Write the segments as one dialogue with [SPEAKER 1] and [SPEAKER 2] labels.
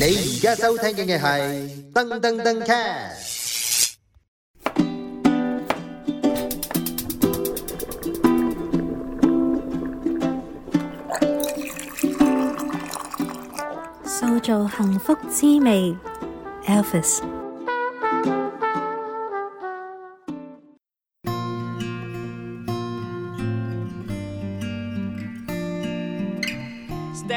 [SPEAKER 1] 你而家收聽嘅係燈登登 cat，
[SPEAKER 2] 塑造幸福滋味，Elvis。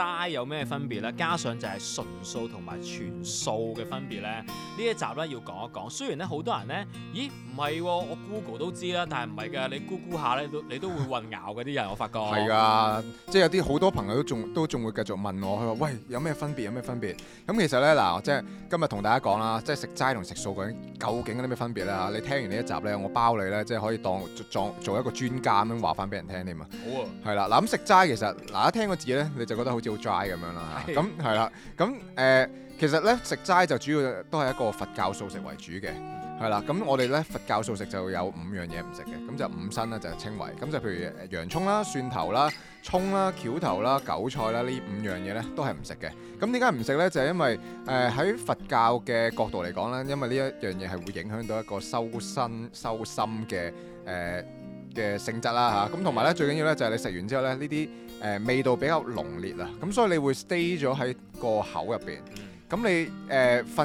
[SPEAKER 2] 齋有咩分別咧？加上就係純素同埋全素嘅分別咧，呢一集咧要講一講。雖然咧好多人咧，咦唔係，我 Google 都知啦，但係唔係嘅，你 Google 下咧你都會混淆嘅啲人，我發覺係啊。
[SPEAKER 1] 即係有啲好多朋友都仲都仲會繼續問我，佢話喂有咩分別有咩分別？咁其實咧嗱，即係今日同大家講啦，即係食齋同食素究竟究竟有啲咩分別咧？你聽完呢一集咧，我包你咧即係可以當做做一個專家咁樣話翻俾人聽添啊！好啊，係啦，嗱咁食齋其實嗱一聽個字咧，你就覺得好。叫齋咁樣啦嚇，咁係啦，咁誒其實咧食齋就主要都係一個佛教素食為主嘅，係啦，咁我哋咧佛教素食就有五樣嘢唔食嘅，咁就五辛啦，就係稱為，咁就譬如洋葱啦、蒜頭啦、葱啦、蕎頭啦、韭菜啦呢五樣嘢咧都係唔食嘅。咁點解唔食咧？就係因為誒喺佛教嘅角度嚟講咧，因為呢一樣嘢係會影響到一個修身修心嘅誒嘅性質啦嚇。咁同埋咧最緊要咧就係你食完之後咧呢啲。誒、呃、味道比較濃烈啊，咁所以你會 stay 咗喺個口入邊。咁你誒瞓、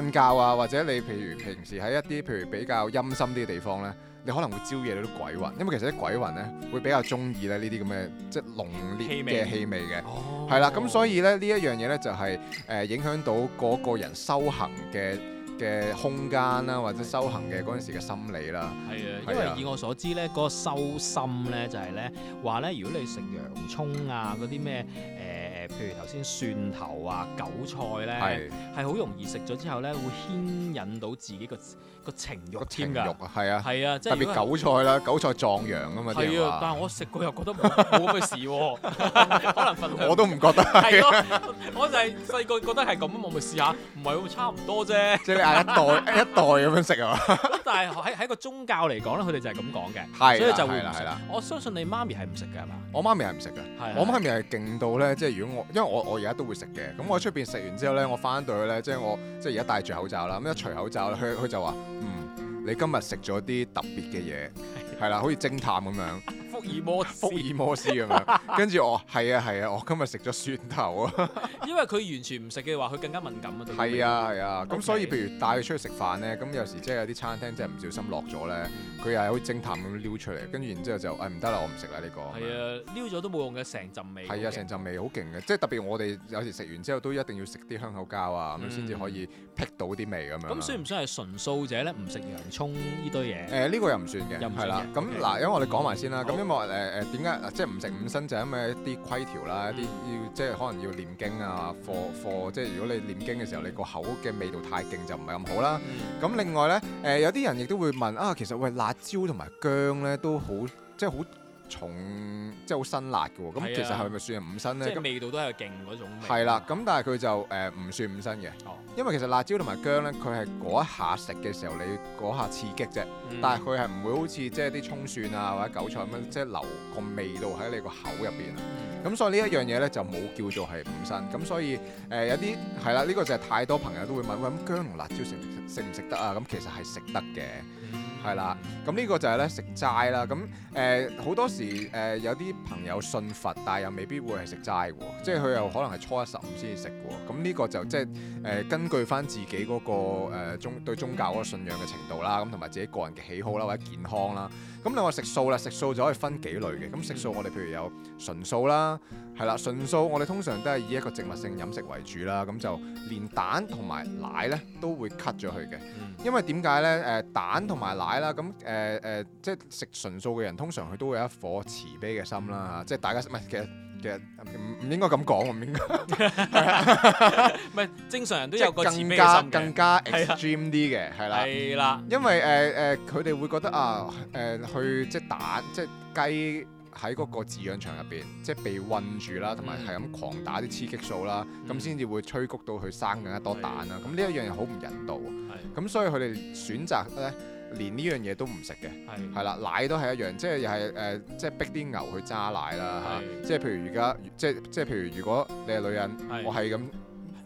[SPEAKER 1] 呃、覺啊，或者你譬如平時喺一啲譬如比較陰森啲嘅地方咧，你可能會招惹到啲鬼魂，因為其實啲鬼魂咧會比較中意咧呢啲咁嘅即係濃烈嘅氣味嘅，係啦。咁所以咧呢一樣嘢咧就係誒影響到嗰個人修行嘅。嘅空間
[SPEAKER 2] 啦，或者修行嘅嗰陣時嘅心理啦，係啊的，的因為以我所知咧，嗰、嗰個修心咧就係咧話咧，如果你食洋葱啊嗰啲咩誒。譬如頭先蒜頭啊、韭菜咧，係好容易食咗之後咧，會牽引到自己個個情慾添㗎。係啊，
[SPEAKER 1] 係啊，即係特別韭菜啦，韭菜壯陽啊嘛啲話。係啊，但係我
[SPEAKER 2] 食過又覺得冇咁嘅事喎。可能份量我都唔覺得係咯。我就係細個覺得係咁啊，我咪試下，唔係會差唔多啫。即係你嗌一袋一袋咁樣食啊？咁但係喺喺個宗教嚟講咧，佢哋就係咁講嘅，所以就會唔食。我相信你媽咪係唔食㗎係嘛？
[SPEAKER 1] 我媽咪係唔食㗎。我媽咪係勁到咧，即係如果我。因為我我而家都會食嘅，咁我喺出面食完之後咧，我返到去咧，即係我即係而家戴住口罩啦，咁一除口罩咧，佢佢就話：嗯，你今日食咗啲特別嘅嘢，係啦， 好似偵探咁樣。福爾摩斯福爾摩斯咁樣，跟住我係啊係啊，我今日食咗蒜頭啊，
[SPEAKER 2] 因為佢完全唔食嘅話，佢更加敏感啊。係啊
[SPEAKER 1] 係啊，咁所以譬如帶佢出去食飯咧，咁有時即係有啲餐廳即係唔小心落咗咧，佢又係好蒸淡咁撩出嚟，跟住然之後就誒唔得啦，我唔食啦呢個。係啊，
[SPEAKER 2] 撩咗都冇用嘅，成陣味。係啊，成
[SPEAKER 1] 陣味好勁嘅，即係特別我哋有時食完之後都一定要食啲香口膠啊，咁先至可以辟到啲味咁樣。咁算
[SPEAKER 2] 唔算要係純素者咧？唔食洋葱呢堆嘢？
[SPEAKER 1] 誒呢個又唔算嘅，係啦。咁嗱，因為我哋講埋先啦，咁。誒誒點解？即係唔食五辛就係咩一啲規條啦，一啲要即係可能要念經啊，課課即係如果你念經嘅時候，你個口嘅味道太勁就唔係咁好啦。咁、嗯、另外咧，誒、呃、有啲人亦都會問啊，其實喂，辣椒同埋薑咧都好，即係好。重即係好辛辣嘅喎，咁、啊、其實係咪算係五辛咧？即係味道都
[SPEAKER 2] 係勁嗰種的。係啦、
[SPEAKER 1] 嗯，咁但係佢就誒唔、呃、算五辛嘅，oh. 因為其實辣椒同埋薑咧，佢係嗰一下食嘅時候，你嗰下刺激啫。Mm. 但係佢係唔會好似即係啲葱蒜啊或者韭菜咁，mm. 即係留個味道喺你個口入邊。咁、mm. 所以一呢一樣嘢咧就冇叫做係五辛。咁所以誒、呃、有啲係啦，呢、呢個就係太多朋友都會問，喂、嗯、咁、嗯、薑同辣椒食唔食，食，食，食得啊？咁其實係食得嘅。係啦，咁呢個就係咧食齋啦。咁誒好多時誒、呃、有啲朋友信佛，但係又未必會係食齋喎。即係佢又可能係初一十五先至食嘅。咁呢個就即係誒、呃、根據翻自己嗰、嗰個宗、呃、對宗教嗰個信仰嘅程度啦，咁同埋自己個人嘅喜好啦或者健康啦。咁另外食素啦，食素就可以分幾類嘅。咁食素我哋譬如有純素啦，係啦，純素我哋通常都係以一個植物性飲食為主啦。咁就連蛋同埋奶咧都會 cut 咗佢嘅。因為點解咧？誒蛋同埋奶啦，咁誒誒，即係食純素嘅人，通常佢都會有一顆慈悲嘅心啦，嚇！即係大家唔係，其實其實唔唔應該咁講，唔應該，係 啊，唔係正常人都有個更加更加 extreme 啲嘅，
[SPEAKER 2] 係啦，係啦、嗯，
[SPEAKER 1] 因為誒誒，佢、呃、哋、呃、會覺得啊，誒、呃、去即係蛋即係雞。喺嗰個飼養場入邊，即係被韞住啦，同埋係咁狂打啲刺激素啦，咁先至會催谷到佢生更加多蛋啦。咁呢一樣嘢好唔人道。係。咁所以佢哋選擇咧，連呢樣嘢都唔食嘅。係。係啦，奶都係一樣，即係又係誒，即係逼啲牛去揸奶啦。係。即係譬如而家，即即係譬如如果你係女人，我係咁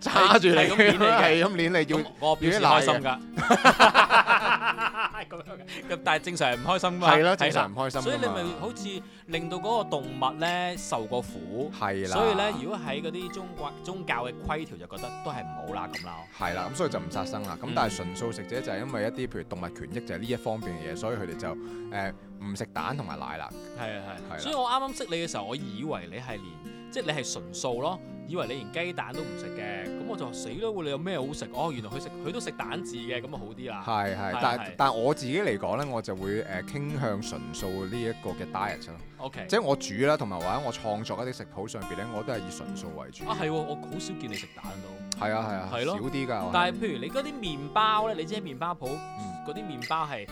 [SPEAKER 1] 揸住你，咁係咁綁你要，要啲奶，開心㗎。
[SPEAKER 2] 咁樣，咁但係正常係唔開心嘛，係咯了，了正常唔開心。所以你咪好似令到嗰個動物咧受過苦。係啦了。所以咧，如果喺嗰啲中國宗教嘅規條就覺得都係唔好啦咁啦。
[SPEAKER 1] 係啦了，咁所以就唔殺生啦。咁、嗯、但係純素食者就係因為一啲譬如動物權益就係呢一方面嘅嘢，所以佢哋就誒唔食蛋同埋奶啦。
[SPEAKER 2] 係啊係。了了所以我啱啱識你嘅時候，我以為你係連。即係你係純素咯，以為你連雞蛋都唔食嘅，咁我就死啦，喎！你有咩好食？哦，原來佢食佢都食蛋治嘅，咁啊好啲啦。係係係，係係但係係但
[SPEAKER 1] 我自己嚟講咧，我就會誒、uh, 傾向純素呢一個嘅 diet 咯。OK，即係我煮啦，同埋或者我創作一啲食譜上邊咧，我都係以純素為主。啊係、
[SPEAKER 2] 哦、我好少見你食蛋咯。
[SPEAKER 1] 係啊係啊，係囉，少啲㗎。但係
[SPEAKER 2] 譬如你嗰啲麵包咧，你知麵包鋪嗰啲麵包係誒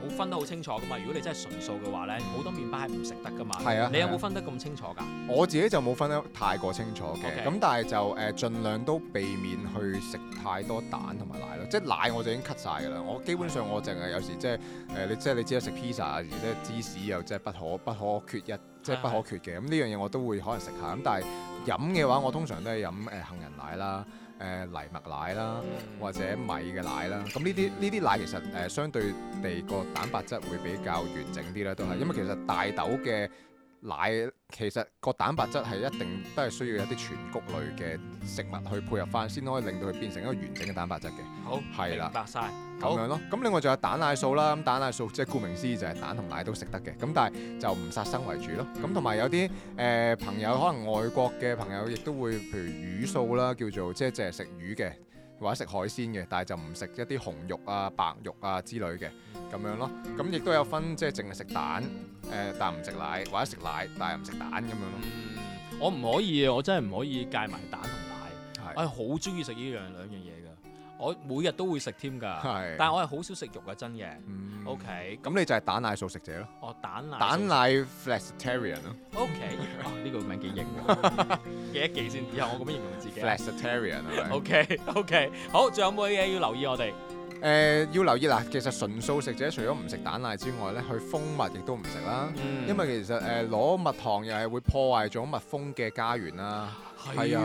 [SPEAKER 2] 好分得好清楚噶嘛。如果你真係純素嘅話咧，好多麵包係唔食得噶嘛。係啊，你有冇分得咁清楚㗎？
[SPEAKER 1] 我自己就冇分得太過清楚嘅，咁但係就誒盡量都避免去食太多蛋同埋奶咯。即係奶我就已經 cut 曬㗎啦。我基本上我淨係有時即係誒，你即係你知啦，食 pizza 時即芝士又即係不可不可缺一，即係不可缺嘅。咁呢樣嘢我都會可能食下咁，但係。飲嘅話，我通常都係飲誒杏仁奶啦、誒藜麥奶啦，或者米嘅奶啦。咁呢啲呢啲奶其實誒、呃、相對地個蛋白質會比較完整啲啦，都係因為其實大豆嘅奶其實個蛋白質係一定都係需要一啲全穀類嘅食物去配合翻，先可以令到佢變成一個完整嘅蛋白質嘅。
[SPEAKER 2] 好，係啦的，明白晒，咁樣咯。
[SPEAKER 1] 咁另外仲有蛋奶素啦，咁蛋奶素即係、就是、顧名思義就係蛋同奶都食得嘅，咁但係就唔殺生為主咯。咁同埋有啲誒、呃、朋友可能外國嘅朋友亦都會，譬如魚素啦，叫做即係淨係食魚嘅。或者食海鮮嘅，但係就唔食一啲紅肉啊、白肉啊之類嘅咁、嗯、樣咯。咁亦都有分，即係淨係食蛋，誒、呃、但唔食奶，
[SPEAKER 2] 或者食奶但係唔食蛋咁樣咯。嗯，我唔可以，我真係唔可以戒埋蛋同奶。係。我係好中意食呢樣兩樣嘢。我每日都會食添㗎，但係我係好少食肉嘅，真嘅。OK，咁
[SPEAKER 1] 你就係蛋奶素食者咯。哦，蛋奶。蛋奶
[SPEAKER 2] flexitarian 咯。OK，呢個名幾型喎。記一記先，以後我咁樣形容自己。flexitarian 啊。OK，OK，好，仲有冇嘢要留意我哋？誒，要留
[SPEAKER 1] 意嗱，其實純素食者除咗唔食蛋奶之外咧，佢蜂蜜亦都唔食啦，因為其實誒攞蜜糖又係會破壞咗蜜蜂嘅家園啦。係啊，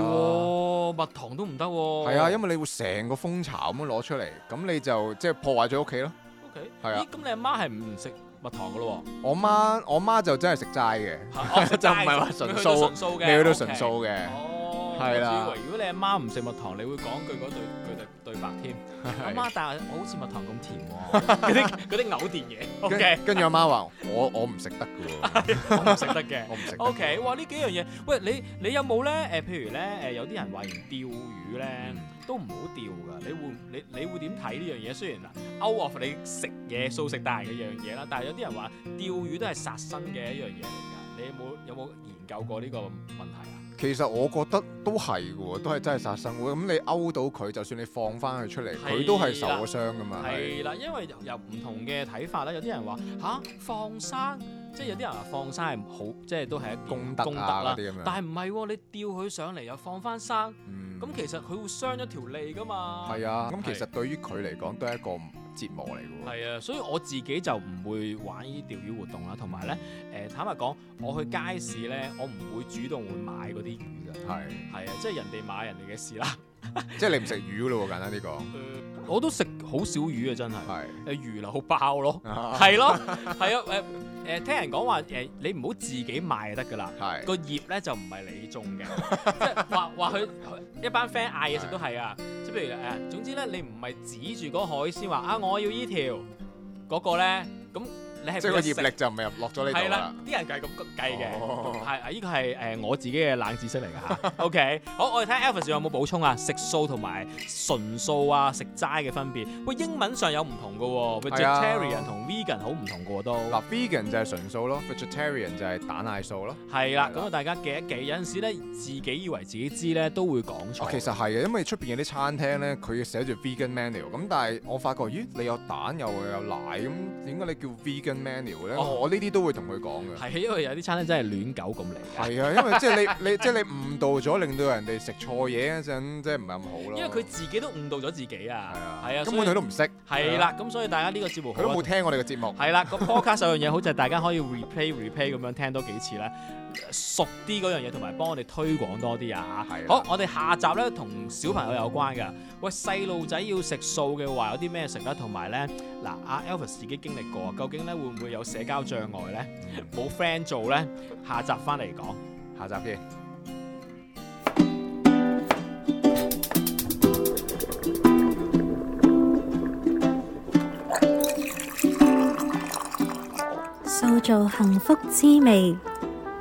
[SPEAKER 2] 蜜糖都唔得喎。係啊，因
[SPEAKER 1] 為你會成個蜂巢咁樣攞出嚟，咁你就即係、就是、破壞咗屋企咯。屋
[SPEAKER 2] 企係啊。咦，咁你阿媽係唔食蜜糖噶咯？
[SPEAKER 1] 我媽，我媽就真係食齋嘅，啊、 就唔係話純素嘅，你去到純素嘅。素 Okay. 哦，係啦、啊。以為如
[SPEAKER 2] 果你阿媽唔食蜜糖，你會講句嗰對句對白添。阿媽，嗯嗯、但係我好似蜜糖咁甜喎、啊，嗰啲嗰啲藕甜嘅。O K，跟住阿媽話：我 我唔食得嘅，我唔食得嘅。O K，哇，呢幾樣嘢，喂，你你有冇咧？誒、呃，譬如咧，誒、呃，有啲人話連釣魚咧、嗯、都唔好釣噶，你會你你會點睇呢樣嘢？雖然嗱，out of 你食嘢素食大嘅一樣嘢啦，但係有啲人話釣魚都係殺生嘅一樣嘢嚟㗎，你有冇有冇研究過呢個問題啊？
[SPEAKER 1] 其實我覺得都係嘅喎，都係真係殺生喎。咁你勾到佢，就算你放翻佢出嚟，佢的都係受咗傷噶嘛。係
[SPEAKER 2] 啦的，的因為有唔同嘅睇法、啊啊、啦。有啲人話吓，放生，即係有啲人話放生係好，即係都係一件功德啊啲咁樣。但係唔係喎，你吊佢上嚟又放翻生，咁其實佢會傷咗條脷噶嘛。係啊，咁其實對於佢嚟講都係一個節目嚟嘅喎，係啊，所以我自己就唔會玩呢啲釣魚活動啦，同埋咧，誒、呃、坦白講，我去街市咧，我唔會主動會買嗰啲魚嘅，係係是啊，即、就、係、是、人哋買人哋嘅事啦，即係你唔食魚咯， 簡單啲講、呃，我都食好少魚啊，真係係誒魚肉包魚柳包咯，係咯係啊誒誒聽人講話誒你唔好自己買就得㗎啦，係個是葉咧就唔係你種嘅，即係話話佢一班 friend 嗌嘢食都係的啊。總之咧，你唔係指住嗰海鮮話啊，我要依條嗰個咧，咁。即係個業力就唔係落咗呢度啦。係啦，啲人計咁計嘅，係啊、oh，依、呢個係誒、呃、我自己嘅冷知識嚟㗎嚇。 OK，好，我哋睇下 Elvis 有冇補充啊？食素同埋純素啊，食齋嘅分別，喂，英文上有唔同嘅喎，vegetarian 同 vegan 好唔同嘅都。嗱，vegan，啊，就係純素咯，vegetarian 就
[SPEAKER 1] 係蛋奶素咯。
[SPEAKER 2] 係啦了，咁啊，大家記一記，有陣時咧自己以為自己知
[SPEAKER 1] 咧都會講錯，啊。其實係啊，因為出邊有啲餐廳咧，佢寫住 vegan menu，咁但係我發覺，咦，你有蛋又又有奶，咁點解你叫 vegan？manual 咧，我呢啲都會同佢講嘅。係因為有啲餐廳真係亂狗咁嚟。係啊，因為即係你你即係你誤導咗，令到人哋食錯嘢嗰陣，即係唔係咁好咯。因為佢
[SPEAKER 2] 自己都誤導咗自己啊。係啊。係啊。根本佢都唔識。係啦，咁所以大家呢個節目佢都冇聽我哋嘅節目。係啦，個 podcast 有樣嘢好就係大家可以 replay replay 咁樣聽多幾次啦。熟啲嗰樣嘢，同埋幫我哋推廣多啲啊！係的，好，我哋下集咧同小朋友有關噶。喂，細路仔要食素嘅話，有啲咩食咧？同埋咧，嗱、啊，阿 Elvis 自己經歷過，究竟咧會唔會有社交障礙咧？冇 friend、嗯、做咧？下集翻嚟講，下集先。素造幸福滋味。